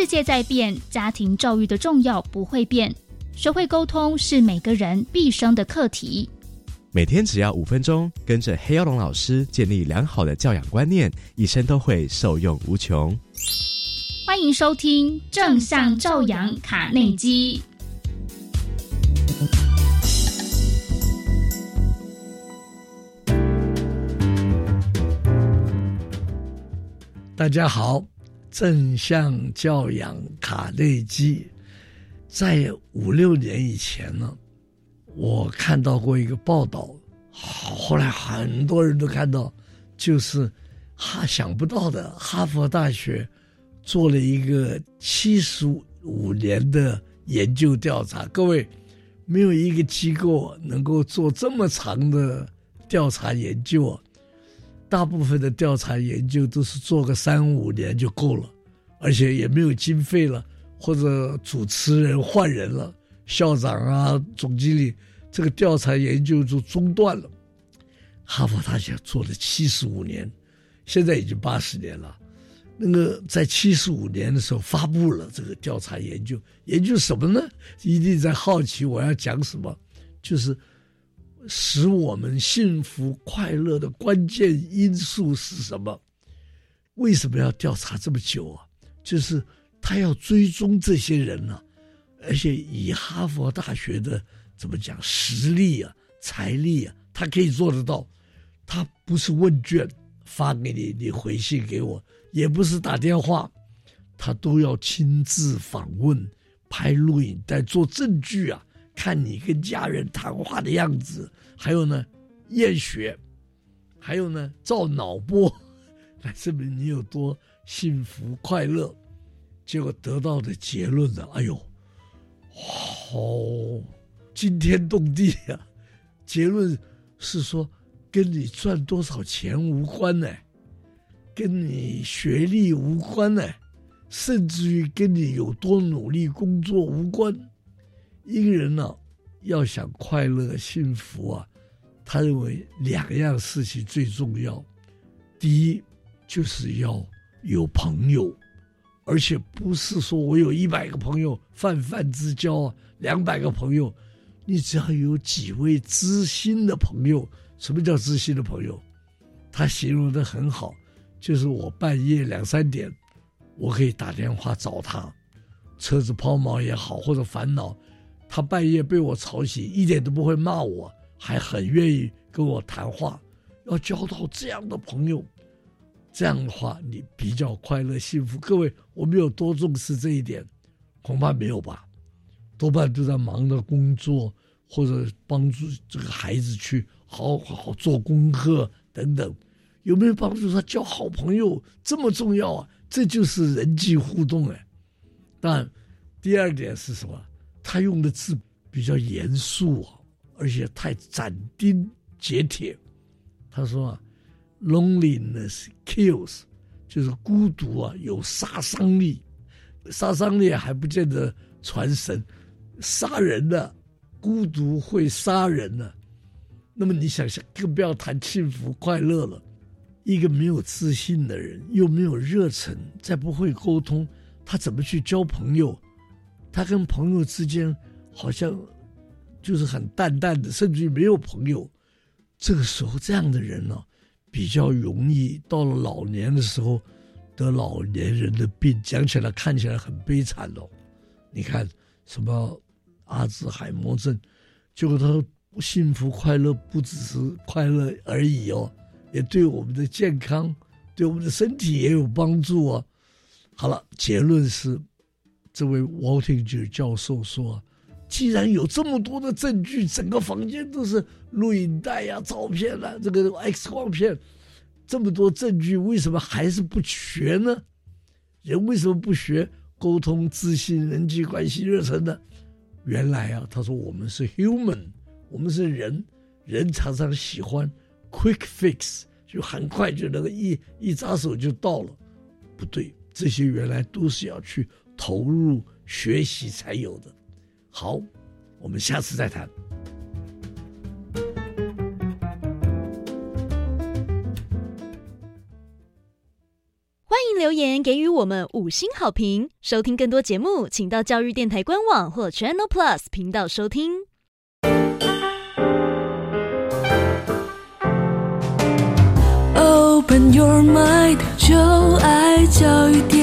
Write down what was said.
世界在變，家庭教育的重要不會變。學會溝通是每個人畢生的課題。每天只要五分鐘，跟着黑幼龍老師建立良好的教養觀念，一生都會受用無窮。歡迎收聽正向教養卡內基。大家好。正向教養卡內基。在五六年以前呢，我看到過一個報道，後來很多人都看到，就是哈想不到的。哈佛大學做了一個七十五年的研究調查。各位，沒有一個機構能夠做這麼長的調查研究啊。大部分的調查研究都是做個三五年就夠了，而且也沒有經費了，或者主持人換人了，校長啊、總經理，這個調查研究就中斷了。哈佛大學做了七十五年，現在已經八十年了。那個在七十五年的時候發布了這個調查研究，研究什麼呢？一定在好奇我要講什麼，就是。使我們幸福快樂的關鍵因素是什麼？為什麼要調查這麼久啊？就是他要追蹤這些人呢、啊，而且以哈佛大學的怎麼講實力啊、財力啊，他可以做得到。他不是問卷發給你，你回信給我，也不是打電話，他都要親自訪問、拍錄影帶，在做證據啊。看你跟家人談話的樣子，還有呢，驗血，還有呢，照腦波，來證明你有多幸福快樂？結果得到的結論呢？哎呦，好、哦、驚天動地呀、啊！結論是說，跟你賺多少錢無關呢、欸，跟你學歷無關呢、欸，甚至於跟你有多努力工作無關。一個人呢、啊，要想快樂幸福啊，他認為兩樣事情最重要。第一，就是要有朋友，而且不是說我有一百個朋友，泛泛之交啊，兩百個朋友，你只要有幾位知心的朋友。什麼叫知心的朋友？他形容得很好，就是我半夜兩三點，我可以打電話找他，車子拋錨也好，或者煩惱。他半夜被我吵醒，一點都不會罵我，還很願意跟我談話。要交到這樣的朋友，這樣的話你比較快樂幸福。各位，我們有多重視這一點？恐怕沒有吧，多半都在忙着工作或者幫助這個孩子去好好做功課等等。有沒有幫助他交好朋友？這麼重要啊！這就是人際互動哎、欸。但第二點是什麼？他用的字比較嚴肅啊，而且太斬釘截鐵。他說啊：“Loneliness kills，就是孤獨啊，有殺傷力。殺傷力還不見得傳神，殺人的啊，孤獨會殺人的啊。那麼你想想，更不要談幸福、快樂了。一個沒有自信的人，又沒有熱忱，再不會溝通，他怎麼去交朋友？”他跟朋友之間好像就是很淡淡的，甚至於沒有朋友。這個時候，這樣的人呢、啊，比較容易到了老年的時候得老年人的病，講起來看起來很悲慘哦。你看什麼阿茲海默症，結果他說幸福快樂不只是快樂而已哦，也對我們的健康、對我們的身體也有幫助哦、啊。好了，結論是。這位 Waldinger 教授說：“既然有這麼多的證據，整個房間都是錄影帶啊、照片啊，這個 X 光片，這麼多證據，為什麼還是不學呢？人為什麼不學溝通、自信、人際關係、熱忱呢？原來啊，他說我們是 human，我們是人，人常常喜歡 quick fix，就很快就那個一一扎手就到了。不對，這些原來都是要去。”投入學習才有的。好，我們下次再談。歡迎留言給予我們五星好評，收聽更多節目，請到教育電台官網或 Channel Plus 頻道收聽。Open your mind，就愛教育。